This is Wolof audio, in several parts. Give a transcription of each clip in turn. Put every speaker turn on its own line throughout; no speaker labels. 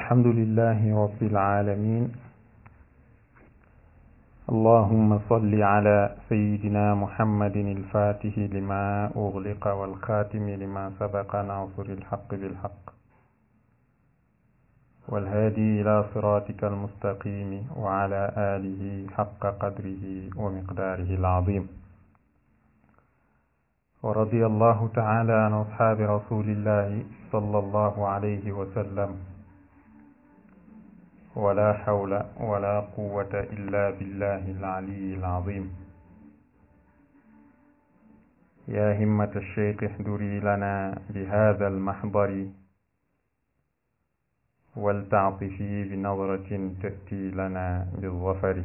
الحمد لله رب العالمين اللهم صل على سيدنا محمد الفاتح لما أغلق والخاتم لما سبق ناصر الحق بالحق والهادي إلى صراطك المستقيم وعلى آله حق قدره ومقداره العظيم ورضي الله تعالى عن أصحاب رسول الله صلى الله عليه وسلم ولا حول ولا قوة إلا بالله العلي العظيم يا همة الشيخ احضري لنا بهذا المحضر ولتعطفي بنظرة تأتي لنا بالظفر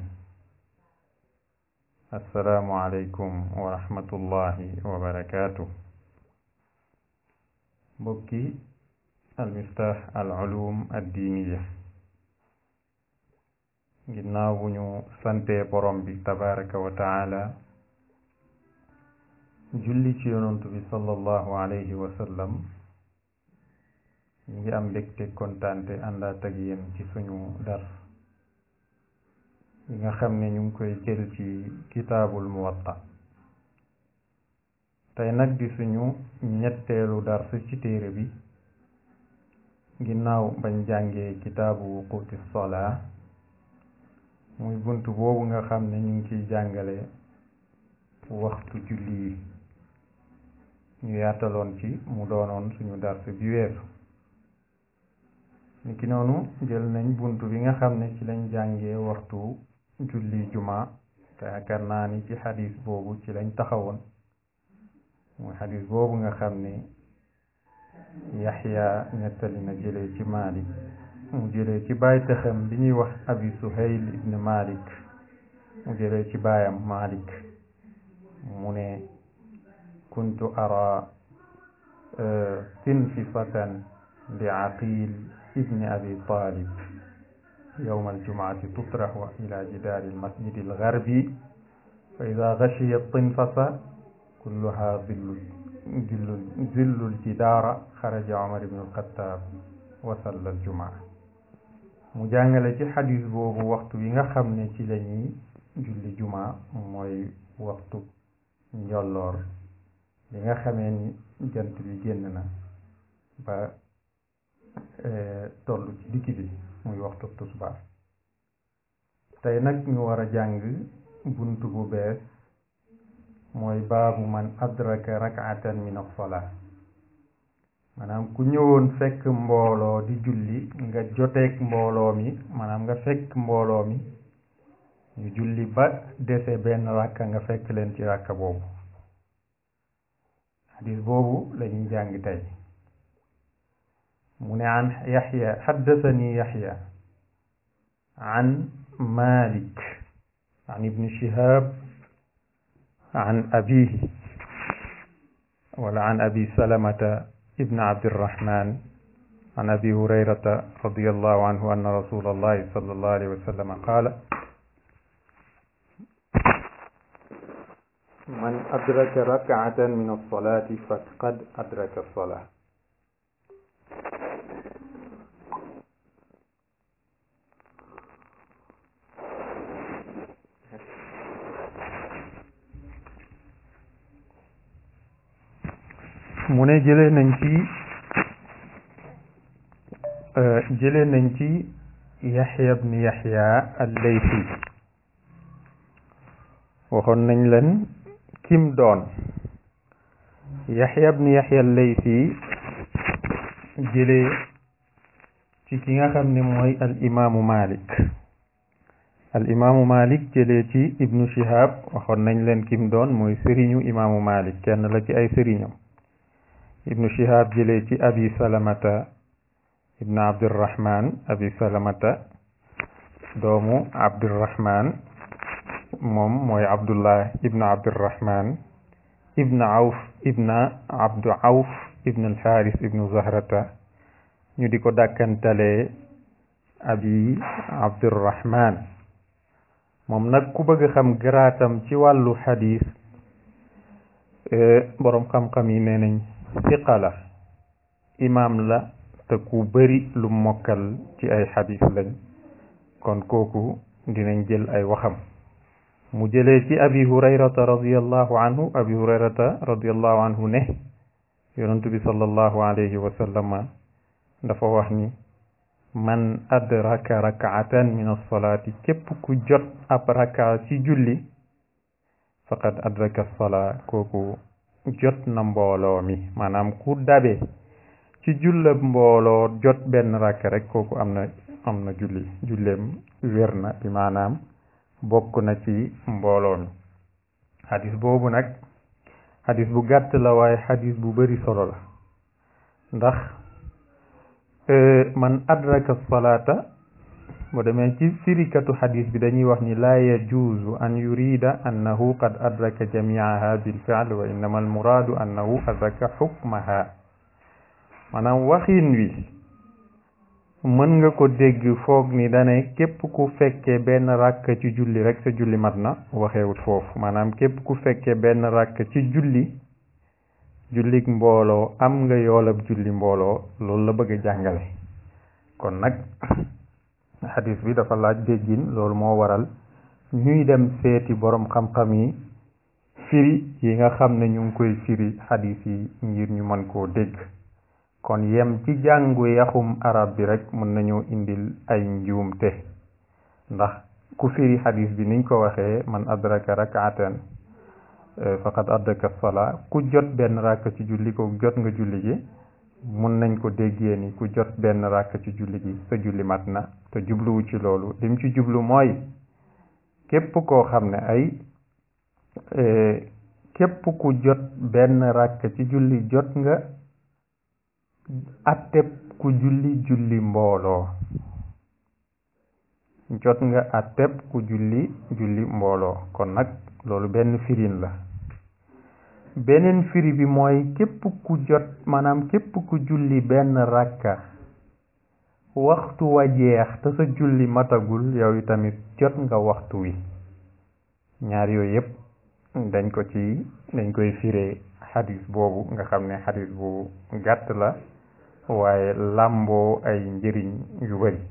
السلام عليكم ورحمة الله وبركاته بكي المفتاح العلوم الدينيه ginnaaw bu ñu santee borom bi tabaraka wa taala julli ci yonantu bi sallallahu alayhi wa ñu ngi am mbégte kontaante àndaat ak yéen ci suñu dar yi nga xam ne ñu ngi koy jël ci kitaabul muwatta tey nag di suñu ñetteelu dars ci téere bi ginnaaw bañ jàngee kitaabu wuquti sola muy bunt boobu nga xam ne ñu ngi ciy jàngale waxtu julli yi ñu yaataloon ci mu doonoon suñu dars bi weesu ni ki noonu jël nañ bunt bi nga xam ne ci lañ jànge waxtu julli jumaa te yaakaar naa ni ci xadis boobu ci lañ taxawoon muy xadis boobu nga xam ni yaxya nettali na jële ci maalik mu jëlee ci baay texam bi ñuy wax abi suhayl ibn malik mu jëlee ci baayam malik mu ne kuntu ara tinfifatan li aqil ibn abi talib يوم الجمعة تطرح إلى جدار المسجد الغربي فإذا غشي الطنفة كلها ظل ظل الجدار خرج عمر بن الخطاب وصلى الجمعه mu jàngale ci xadis boobu waxtu wi nga xam ne ci lañuy julli juma mooy waxtu njolloor li nga xamee ni jant bi génn na ba e, tollu ci digg bi muy waxtu tusbaar tey nag ñu war a jàng bunt bu bees mooy baabu man adraka rak'atan min as-salaat maanaam ku ñëwoon fekk mbooloo di julli nga joteeg mbooloo mi maanaam nga fekk mbooloo mi ñu julli ba dese benn ràkka nga fekk leen ci ràkka boobu xadis boobu lañuy jàngi tey mu ne an yaxya xaddasani yaxya an malik an ibni shihab an abihi wala an abi salamata ابن عبد الرحمن عن أبي هريرة رضي الله عنه أن رسول الله صلى الله عليه وسلم قال من أدرك ركعة من الصلاة فقد أدرك الصلاة mu ne jëlee nañ ci euh, jëlee nañ ci yaxya bni yaxya allaysi waxoon nañ leen kim doon yaxya bni yaxya allaysi jëlee ci ki nga xam ne mooy al imaamu malik al ci ibnu shihab waxoon nañ leen kim doon mooy sëriñu imaamu malik kenn la ci ay sëriñam ibnu shihab jëlee ci abi salamata ibnu abdirahman abi doomu abdirahman moom mooy abdullah ibnu abdirahman ibnu awf ibnu abdu awf ibnu alxaaris ibnu zahrata ñu di ko dakkantale abi abdirahman moom nag ku bëgg xam graatam ci wàllu xadiis eh, boroom xam-xam yi nee nañ ثقلة إمام لا تكوبري لموكل تي أي حديث لن كون كوكو دينن جل أي وخم مجلة أبي هريرة رضي الله عنه أبي هريرة رضي الله عنه نه يرنتبي صلى الله عليه وسلم دفع وحني من أدرك ركعة من الصلاة كيف كجر أبركة جولي فقد أدرك الصلاة كوكو jot na mbooloo mi maanaam ku dabe ci jullab mbooloo jot benn rakk rekk kooku am na am na julli julleem wér na maanaam bokk na ci mbooloo mi boobu nag xadis bu gàtt la waaye xadis bu bari solo la ndax eh, man adraka salaata boo demee ci firikatu xadis bi dañuy wax ni laa yajuuzu an yurida annahu qad adraka jamiaha bilfial wa innama almuraadu annahu adraka xukmaha maanaam waxin wi mën nga ko dégg foog ni dane képp ku fekkee benn ràkk ci julli rek sa julli mat na waxeewut foofu maanaam képp ku fekkee benn ràkk ci julli jullik mbooloo am nga yoolab julli mbooloo loolu la bëgg a jàngale kon nag xadis bi dafa laaj déggin loolu moo waral ñuy dem seeti boroom xam-xam yi firi yi nga xam ne ñu ngi koy firi xadis yi ngir ñu mën koo dégg kon yem ci jàngu yaxum arab bi rekk mën nañoo indil ay njuumte ndax ku firi xadis bi niñ ko waxee man adraka rakaatan eh, faqad adraka sala ku jot benn ràkk ci julli ko jot nga julli ji mun nañ ko déggee ni ku jot benn ràkk ci julli gi sa julli mat na te jubluwu ci loolu lim ci jublu mooy képp koo xam ne ay e, képp ku jot benn ràkk ci julli jot nga atteb ku julli julli mbooloo jot nga atteb ku julli julli mbooloo kon nag loolu benn firin la beneen firi bi mooy képp ku jot maanaam képp ku julli benn rakka waxtu wa jeex te sa julli matagul yow tamit jot nga waxtu wi ñaar yooyu yépp dañ ko ci dañ koy firee xadis boobu nga xam ne xadis bu gàtt la waaye làmboo ay njëriñ yu bari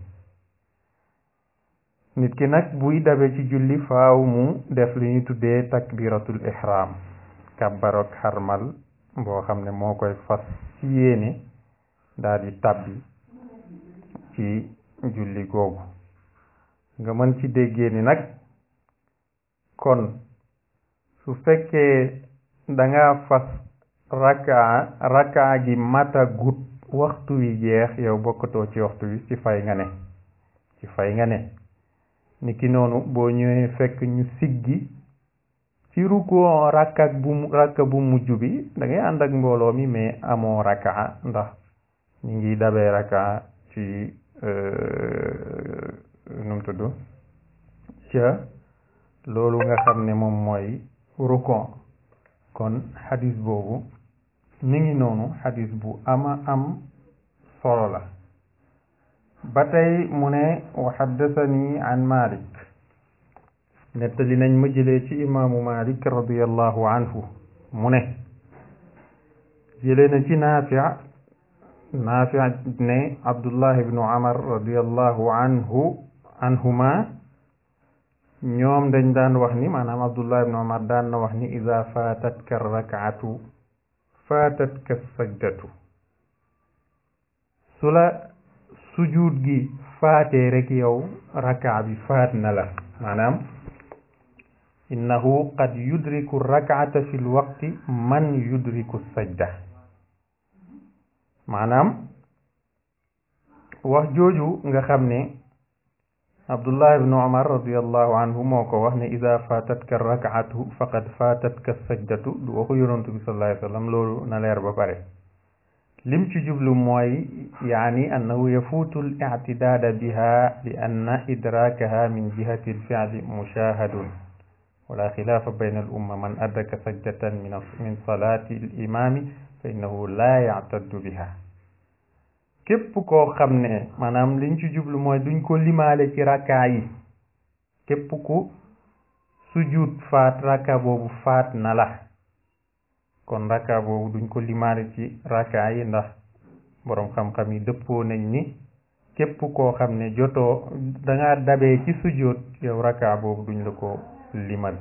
nit ki nag buy dabe ci julli faw mu def li ñu tuddee takbiratul ihram kàbbarook xarmal boo xam ne moo koy fas ci yéene tàbbi ci julli googu nga mën ci déggee ni nag kon su fekkee danga fas rakka rakka gi mata gut waxtu wi jeex yow bokkatoo ci waxtu wi ci fay nga ne ci fay nga ne niki noonu boo ñëwee fekk ñu siggi ci rukkoo rakka bu rakka bu mujj bi dangay ngay ànd ak mbooloo mi mais amoo rakka ndax ñu ngi dabee rakka ci euh, nu mu tudd ca loolu nga xam ne moom mooy rukkoo kon xadis boobu mi ngi noonu xadis bu ama am solo la ba tey mu ne wa xaddasani an Malik nettali nañ ma jëlee ci imaamu malik radiallahu anhu mu ne jëlee na ci naafi'a ne abdullah ibnu amar radiallahu anhu anhuma ñoom dañ daan wax ni maanaam abdullah ibnu amar daan na wax ni ida faatatka rakaatu faatatka sajdatu su la sujuud gi faatee rek yow rakaa faat na la إنه قد يدرك الركعة في الوقت من يدرك السجدة معنى واخ جوجو nga عبد الله بن عمر رضي الله عنه موكو واخني اذا فاتتك الركعه فقد فاتتك السجده دو واخو يونت صلى الله عليه وسلم لولو نا لير لم تي جبلو موي يعني انه يفوت الاعتداد بها لان ادراكها من جهه الفعل مشاهد wala xilaafa bayna al umma man adraka sajdatan min min salaati al imaami fa biha képp koo xam ne maanaam liñ ci jublu mooy duñ ko limaale ci rakkaa yi képp ku sujud faat rakka boobu faat na la kon rakka boobu duñ ko limaale ci rakkaa yi ndax boroom xam-xam yi dëppoo nañ ni képp koo xam ne jotoo danga dabee ci sujud yow rakka boobu duñ la ko musliman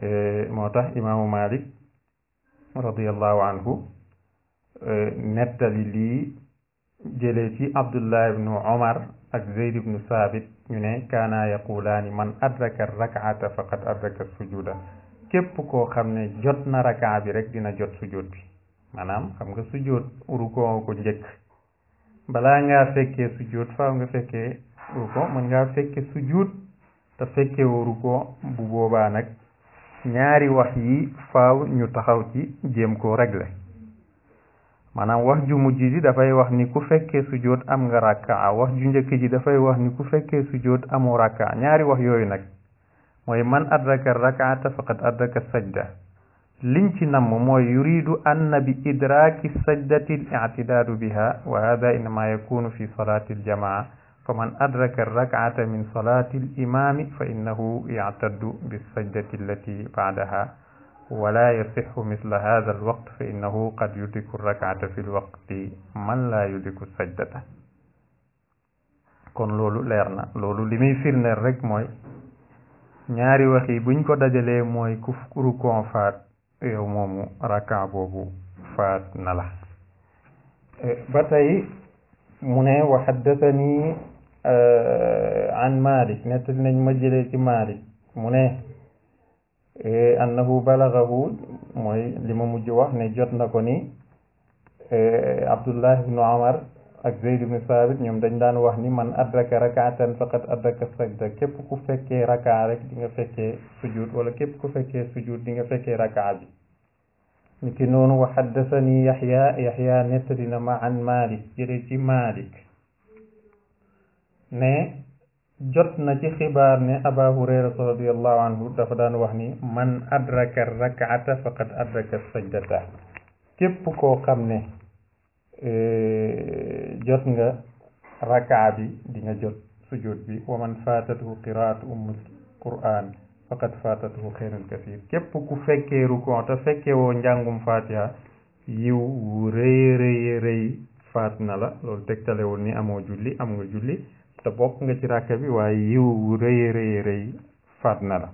eh, moo tax imaamu malik radiallahu anhu eh, nettali lii jëlee ci abdullah ibnu omar ak zeyd ibnu saabit ñu ne kaana yaqulaani man adraka rakaata faqad adraka sujuda képp koo xam ne jot na rakaa bi rek dina jot sujud bi maanaam xam nga sujud rukoo ko njëkk balaa ngaa fekkee sujud faaw nga fekkee ruko mën ngaa fekke sujud te fekke waru ko bu boobaa nag ñaari wax yi ñu taxaw ci jéem koo régler maanaam wax ju mujj ji dafay wax ni ku fekkee sujjóot am nga rakka wax ju njëkk ji dafay wax ni ku fekkee sujjóot amu rakka ñaari wax yooyu nag mooy man adraka rakaata faqad adraka sajda liñ ci namm mooy yuridu anna bi idraaki sajdati al i'tidaadu biha wa hada innama yakunu fi salaati فمن أدرك الركعة من صلاة الإمام فإنه يعتد بالسجدة التي بعدها ولا يصح مثل هذا الوقت فإنه قد يدرك الركعة في الوقت من لا يدرك السجدة كون لولو ليرنا لولو لمي سيرنا رك موي وخي بن كو موي كفكر كون فات يو مومو بوبو فات نلا اه، باتاي مني وحدثني آه، عن مالك نتل نجم مالك منه آه، أنه بلغه لما مجوه نجوت نكوني آه، عبد الله بن عمر أكزيد بن ثابت نيوم دان دان وحني من أدرك ركعة فقط أدرك السجدة كيف كفك ركعة دينا فك سجود ولا كيف كفك سجود دينا فك ركعة دي وحدثني يحيى يحيى نتلنا ما عن مالك جريتي مالك ne jot na ci xibaar ne aba hurayrata radiallahu anhu dafa daan wax ni man adraka rakaata faqad adraka sajdata képp koo xam ne e, jot nga rakaa bi di nga jot sujud bi wa man faatatuhu qiraatu ummul quraan faqad faatatuhu xeyrun kasiir képp ku fekkee ko te fekke woo njàngum fatiha yiw wu rëy rëy rëy faat na la loolu woon ni amoo julli am nga julli te bokk nga ci ràkka bi waaye yiw wu rëy rëy rëy faat na la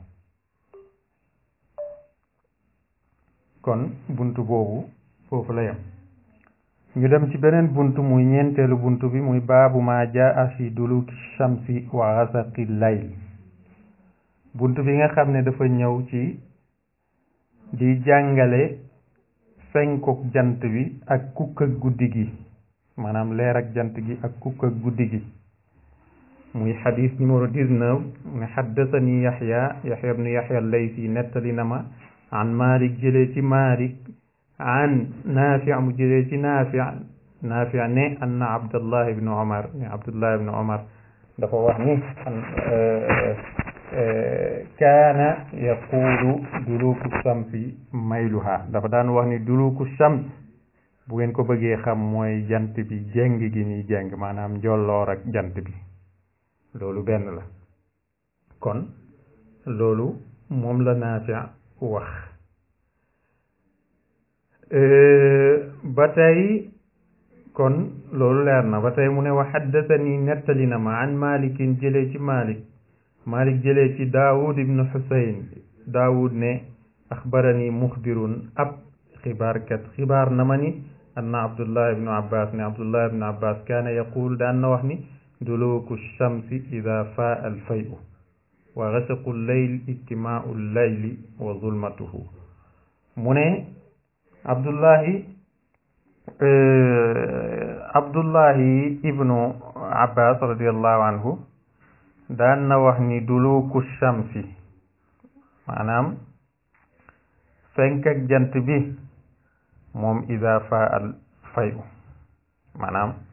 kon bunt boobu foofu la yem ñu dem ci beneen bunt muy ñeenteelu bunt bi muy baabu ma jaa fi duluki shamsi wa xasaqi layl bunt bi nga xam ne dafa ñëw ci di jàngale fenkuk jant bi ak kukk guddi gi maanaam leer ak jant gi ak kukk ak guddi gi موي حديث نمبر 19 حدثني يحيى يحيى بن يحيى الليثي نتلنا ما عن مالك جليتي مالك عن نافع مجليتي نافع نافع ني ان عبد الله بن عمر عبد الله بن عمر دفع وحني أه كان يقول دلوك الشمس ميلها دفع دان وحني دلوك الشمس بوين كو بغي خم موي جانت بي جنگ جيني جنگ مانام جولور جانت بي loolu benn la kon loolu moom la Naafi wax ba kon loolu leer na ba tey mu ne wax xaddatani nettali na ma an malikin ci malik malik jëlee ci daawud ibnu ne axbarani muxbirun ab xibaarkat xibaar na ma ni anna abdullah ibnu abbas ne abdullah ibnu abbas wax ni duluuku shamsi ida faa al fayu wa xasaqu leyl ijtimaau leyli wa zulmatuhu mu ne abdullahi e, abdullahi ibnu abbas radiallahu anhu daan na wax ni duluuku shamsi maanaam fenk ak jant bi moom ida faa al fayu maanaam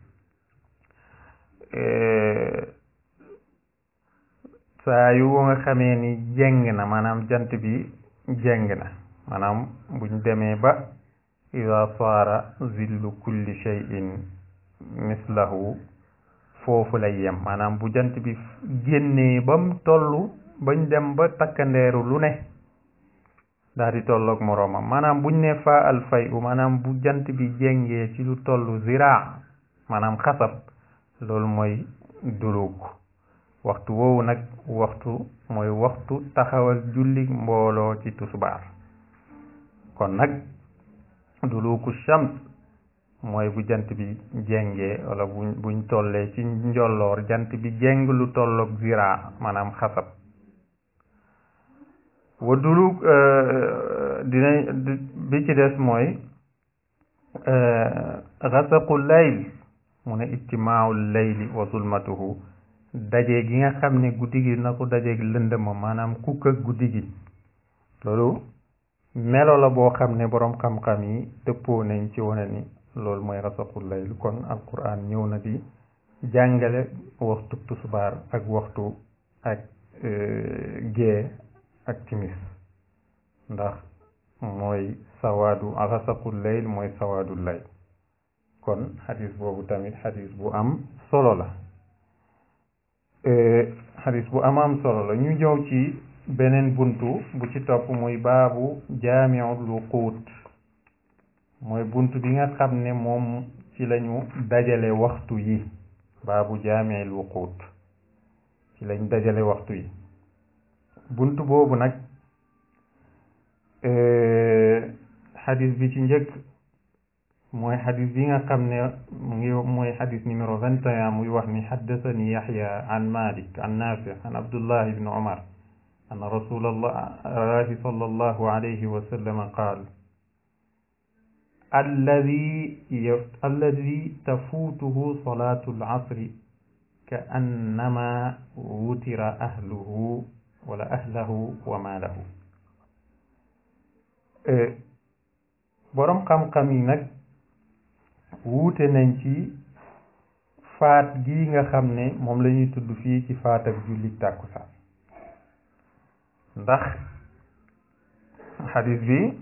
saa wo nga xamee ni jeng na maanaam jant bi jeng na maanaam buñ demee ba ida saara zillu kulli shay'in mislahu foofu lay yem maanaam bu jant bi génnee bam tollu bañ dem ba takkandeeru lu ne daa tollook moroomam maanaam buñ ne faa al fay u maanaam bu jant bi jengee ci lu tollu ziraa maanaam xasab loolu mooy duluug waxtu woowu nag waxtu mooy waxtu taxawal julli mbooloo ci tusubaar kon nag duluuku shams mooy bu jant bi jengee wala buñ buñ tollee ci njolloor jant bi jeng lu tolloog ziraa maanaam xasab wa duluug euh, dinañ bi ci des mooy euh, xasaqu layl mu ne ijtimaawul layli wa zulmatuhu daje gi nga xam ne guddi gi na ko dajeeg lëndëma maanaam kukk ak guddi gi loolu melo la boo xam ne borom xam-xam yi dëppoo nañ ci wane ni loolu mooy rasaxul layl kon alquran ñëw na di jàngale waxtu tusbaar ak waxtu ak e, gée ak timis ndax mooy sawaadu rasaxul layl mooy sawaadu layl kon xadis boobu tamit xadis bu am solo la e, xadis bu am am solo la ñu jow ci beneen buntu bu ci topp mooy baabu jaamiu luquut mooy buntu bi nga xam ne moom ci lañu dajale waxtu yi baabu jaamiu luquut ci lañ dajale waxtu yi buntu boobu nag e, xadis bi ci njëkk mooy xadis bi nga xam ne mu ngi mooy xadis numéro 21 muy wax ni xaddasani yaxya an malik an nafi an abdullah ibn umar an rasul allahi sallallahu alayhi wa sallam qaal الذي الذي تفوته صلاة العصر كأنما وتر أهله ولا أهله وماله borom xam-xam yi nag wuute nañ ci faat gi nga xam ne moom la tudd fii ci faat ak julli tàkkusaan ndax xadis bi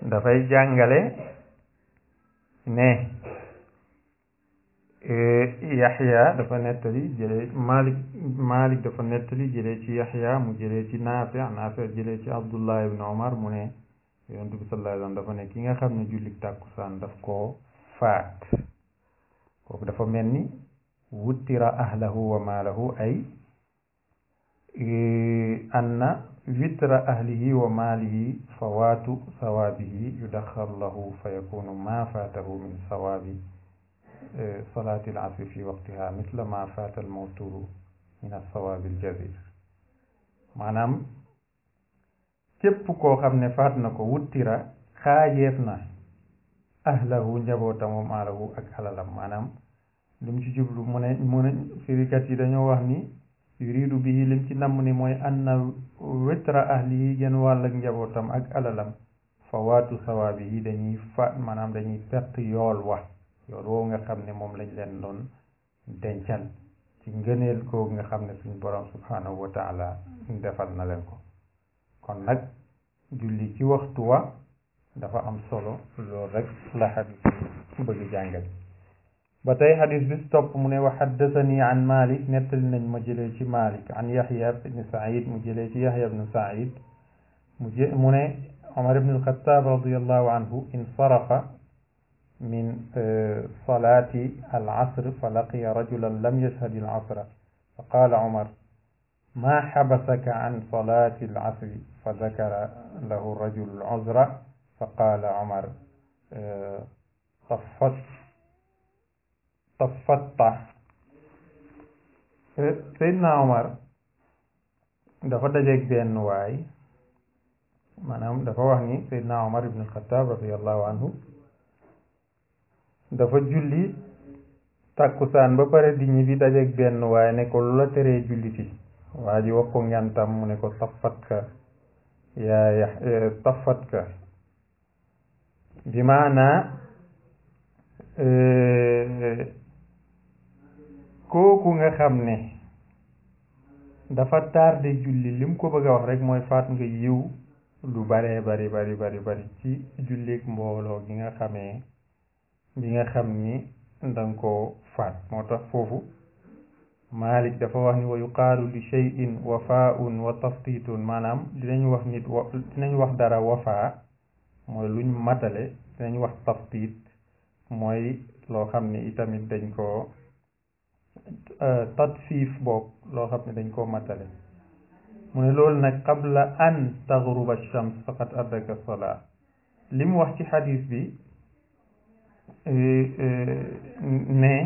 dafay jàngale ne e, yaxya dafa nettali jëlee malik malik dafa nettali jëlee ci yaxya mu jëlee ci naafi naafi jëlee ci abdullah ibn omar mu ne yonent bi sallallahu alayhi wa sallam dafa ne ki nga xamne ne jullik tàkkusaan daf ko faat kok dafa melni wutira wuttira ahlahu wa maalahu ay anna witra ahlihi wa malihi fawatu sawaabihi yudaxar lahu fa yakunu ma fatahu min sawaabi salati al asr fi waqtiha mithla ma fata al-mawturu min as-sawaabi al-jaziir manam képp koo xam ne faat na ko wuttira xaajeef na ahlahu njabootam wa maalahu ak alalam maanaam lim ci jublu mu ne mu ne firikat yi dañoo wax ni yuridu bihi lim ci namm ni mooy anna witra ahlihi genn wàll ak njabootam ak alalam fawaatu sawaabi yi dañuy faat maanaam dañuy perte yool wax yool woowu nga xam ne moom lañ leen doon dencal ci ngëneel googu nga xam ne suñ borom subhanahu wa taala defal na leen ko kon nag julli ci waxtu wa dafa am solo loolu rek la xadis bi bëgg jàngal ba tey xadis bi topp mu ne wa xaddasani an malik nettali nañ ma jëlee ci malik an yaxya ibn said mu jëlee ci yaxya ibn said mu jë mu ne عمر بن الخطاب رضي الله عنه انصرف من صلاة العصر فلقي رجلا لم يشهد العصر فقال عمر ما حبسك عن صلاة العصر fa dakara lahu rajulu al fa qaala Omar tafatta Seydina Omar dafa dajeeg benn waay maanaam dafa wax ni Seydina Omar ibn al-Khattab dafa julli tàkkusaan ba pare di ñibbi dajeeg benn waay ne ko lu la teree julli fi waa ji wax mu ne ko tafat ya eh, tafatka bi maana eh, kooku nga xam ne dafa tardé julli lim ko bëgg a wax rek mooy faat nga yiw lu baree bari bari bari bari ci jullik mbooloo gi nga xamee bi nga xam ni danga ko faat moo tax foofu مالك دفوه ويقال لشيء وفاء وتفطيط مانام نام دينا وخ نيت و... دينا وخ دارا وفاء موي لون ماتالي دينا وخ تفطيط موي لو خامني ايتامي دنجكو تطفيف بوك لو خامني دنجكو ماتالي موي لول نك قبل ان تغرب الشمس فقد ادرك الصلاه لم وخ حديث بي ايه ايه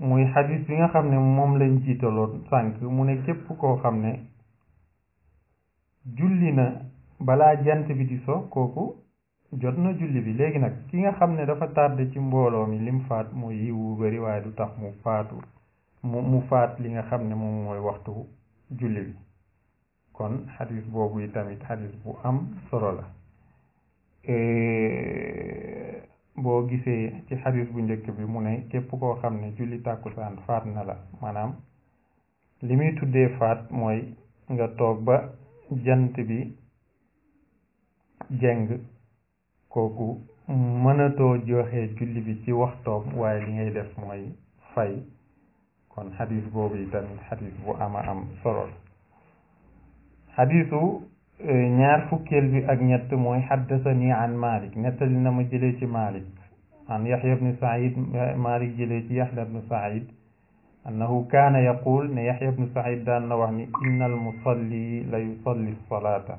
muy xadis bi nga xam ne moom lañ jiitaloon sànq mu ne képp koo xam ne julli na balaa jant bi di so kooku jot na julli bi léegi nag ki nga xam ne dafa tardé ci mbooloo mi lim faat mooy yiw wu bari waaye du tax mu faatu mu faat li nga xam ne moom mooy waxtu julli bi kon xadis boobu yi tamit xadis bu am solo la boo gisee ci xadis bu njëkk bi mu ne képp koo xam ne julli tàkkusaan faat na la maanaam li muy tuddee faat mooy nga toog ba jant bi jeng kooku mënatoo joxe julli bi ci waxtoog waaye li ngay def mooy fay kon xadis boobu itam xadis bu ama am solo xadisu ñaar fukkeel bi ak ñett mooy xaddasani an malik nettali na ma jëlee ci malik an yaxya bnu said malik jëlee ci yaxya bnu said annahu kaana yaqul ne yaxya bnu said daan na wax ni inna almusalli la yusalli salaata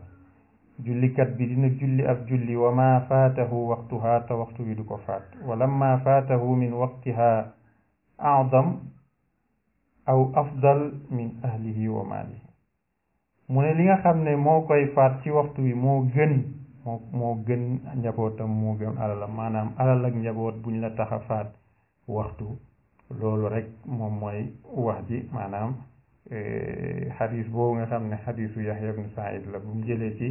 jullikat bi dina julli ab julli wa ma faatahu waqtuha te waxtu bi du ko faat wa lamma faatahu min waqtiha acdam aw afdal min ahlihi wa maalihi mu ne li nga xam ne moo koy faat ci waxtu wi moo gën moo gën njabootam moo gën alalam maanaam alal ak njaboot buñ la tax a faat waxtu loolu rek moom mooy wax ji maanaam e, xadis boobu nga xam ne xadisu Yaxya ibnu Saïd la bu mu jëlee ci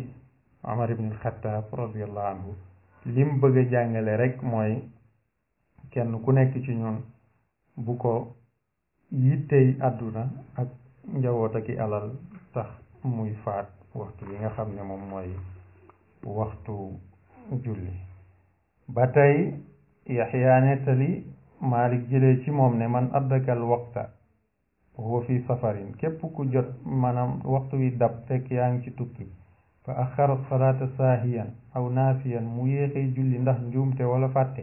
Omar ibnu Xattaab radiallahu anhu li mu jàngale rek mooy kenn ku nekk ci ñun bu ko yittey àdduna ak njaboot ak i alal tax muy faat waxtu yi nga xam ne moom mooy waxtu julli ba tey yaxyaa nettali maalik jëlee ci moom ne man addakal waxta huwa fi safarin képp ku jot maanaam waxtu wi dab fekk yaa ngi ci tukki fa axara salaata saahiyan aw naafiyan mu yéexee julli ndax njuumte wala fàtte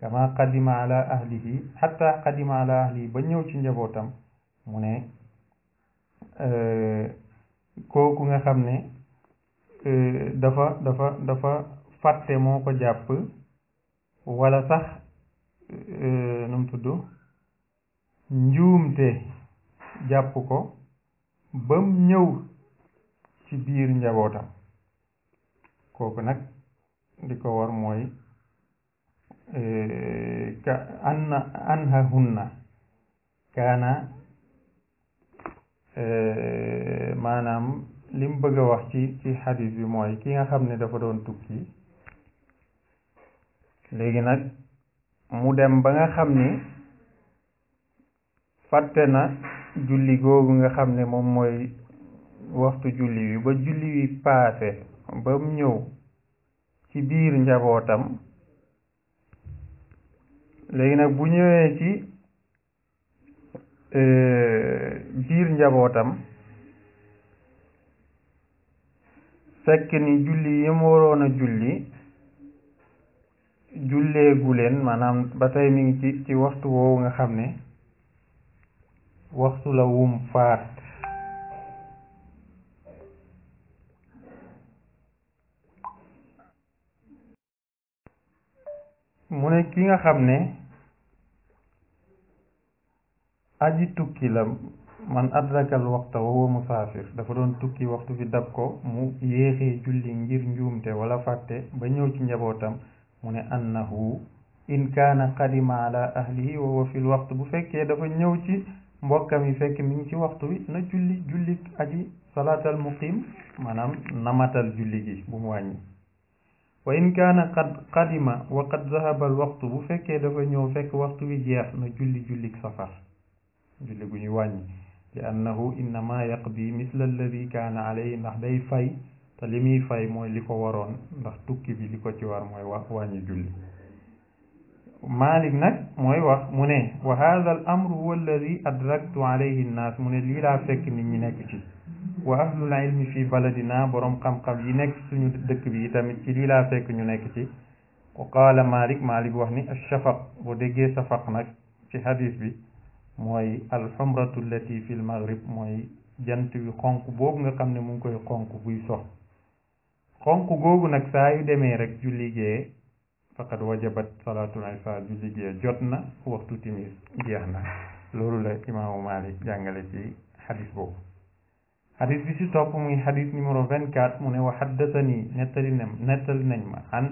kama qadima ala ahlihi xatta qadima ala ahlihi ba ñëw ci njabootam mu ne euh, kooku nga xam ne euh, dafa dafa dafa fàtte moo ko jàpp wala sax euh, nu mu tudd njuumte jàpp ko bam ñëw ci biir njabootam kooku nag di ko war mooy euh, ka anna anhahunna kaana Eh, maanaam li mu bëgg a wax ci ci xadis bi mooy ki nga xam ne dafa doon tukki léegi nag mu dem ba nga xam ni fàtte na julli googu nga xam ne moom mooy waxtu julli wi ba julli wi paase ba ñëw ci biir njabootam léegi nag bu ñëwee ci biir euh, njabootam fekk ni julli yi mu waroon a julli julleegu leen maanaam ba tey mi ngi ci ci waxtu woowu nga xam ne waxtu la wum faat mu ne ki nga xam ne aji tukki la man adrakal waxta wawa musaafir dafa doon tukki waxtu bi dab ko mu yéexee julli ngir njuumte wala fàtte ba ñëw ci njabootam mu ne annahu in kaana qadima ala ahlihi wawa fil bu fekkee dafa ñëw ci mbokkam yi fekk mi ngi ci waxtu wi na julli julli aji salaatal muqim maanaam namatal julli gi bu mu wàññi wa in kaana qadima wa qad zahaba waxtu bu fekkee dafa ñëw fekk waxtu wi jeex na julli jullik safar julli guñu wàññi li annahu innama yaqdi misla alladi kaana alayhi ndax day fay te li muy fay mooy li ko waroon ndax tukki bi li ko ci war mooy wa wàññi julli مالك نك موي واخ موني وهذا الامر هو الذي ادركت عليه الناس موني لي لا فك نيت ني نك سي واهل العلم في بلدنا بروم خم خم يي نك سونو دك بي تامي سي لي لا فك ني نك سي وقال مالك مالك واخني الشفق بو ديغي شفق نك في حديث بي mooy alxumratu allati fi lmaghrib mooy jant wi xonq boobu nga xam ne mu ngi koy xonq buy sox xonq googu nag saa yu demee rek julli gee faqad wajabat salaatul isa julli gee jot na waxtu timis jeex na loolu la imaamu malik jàngale ci xadis boobu xadis bi si topp muy xadis numéro 24 mu ne wa xaddatani nettali nañ ma an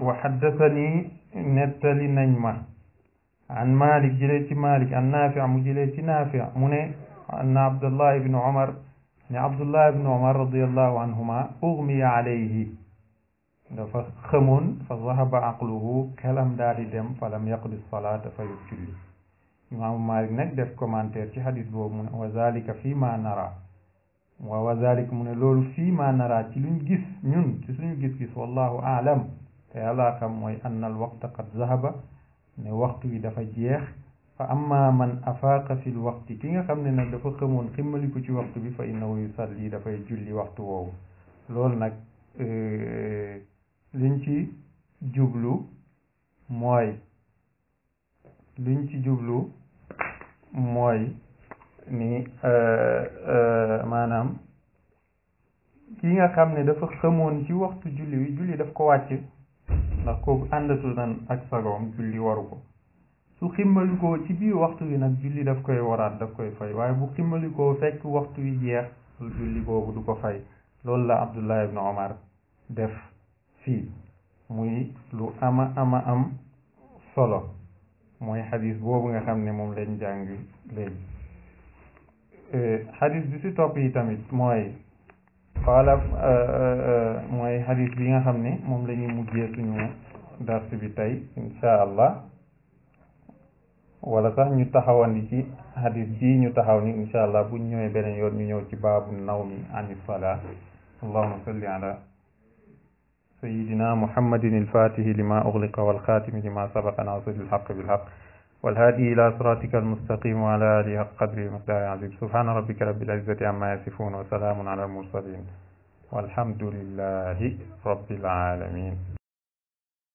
wa xaddatani nettali ma عن مالك جليت مالك عن نافع مجليت نافع من أن عبد الله بن عمر يعني عبد الله بن عمر رضي الله عنهما أغمي عليه فخمون فذهب عقله كلام دار دم فلم يقضي الصلاة فيبتل إمام مالك نك دف في حديث بوب من وذلك فيما نرى وذلك من لول فيما نرى تلون جس نون تسون جس جس والله أعلم يلا كم أن الوقت قد ذهب ne waxtu wi dafa jeex fa amma man afaaqa fil waxti ki nga xam ne nag dafa xamoon ximmaliku ci waxtu bi naw fa sal yusalli dafay julli waxtu woowu loolu nag euh, liñ ci jublu mooy liñ ci jublu mooy ni euh, euh, maanaam ki nga xam ne dafa xamoon ci waxtu julli wi julli daf ko wàcc ndax kooku àndatul nan ak sagoom julli waru ko su ximmalikoo ci biir waxtu wi nag julli daf koy waraat daf koy fay waaye bu ximmalikoo fekk waxtu wi jeex julli boobu du ko fay loolu la Abdullah ibn Omar def fi muy lu ama ama am solo mooy xadis boobu nga xam ne moom lañ jàng léegi eh, bi ci topp yi tamit mooy qaala mooy xadis bi nga xam ne moom la ñuy mujjee suñu dars bi tey insha allah wala sax ñu taxawandi ci xadis bii ñu taxaw ni insha allah buñ ñëwee beneen yoon ñu ñëw ci baabu naw mi ani salaa allahuma salli ala sayidina muhammadin alfatihi lima uxliqa walxaatimi lima sabaqa nasiri alxaq bilxaq والهادي إلى صراطك المستقيم وعلى آله قدر مقدار عظيم سبحان ربك رب العزة عما يصفون وسلام على المرسلين والحمد لله رب العالمين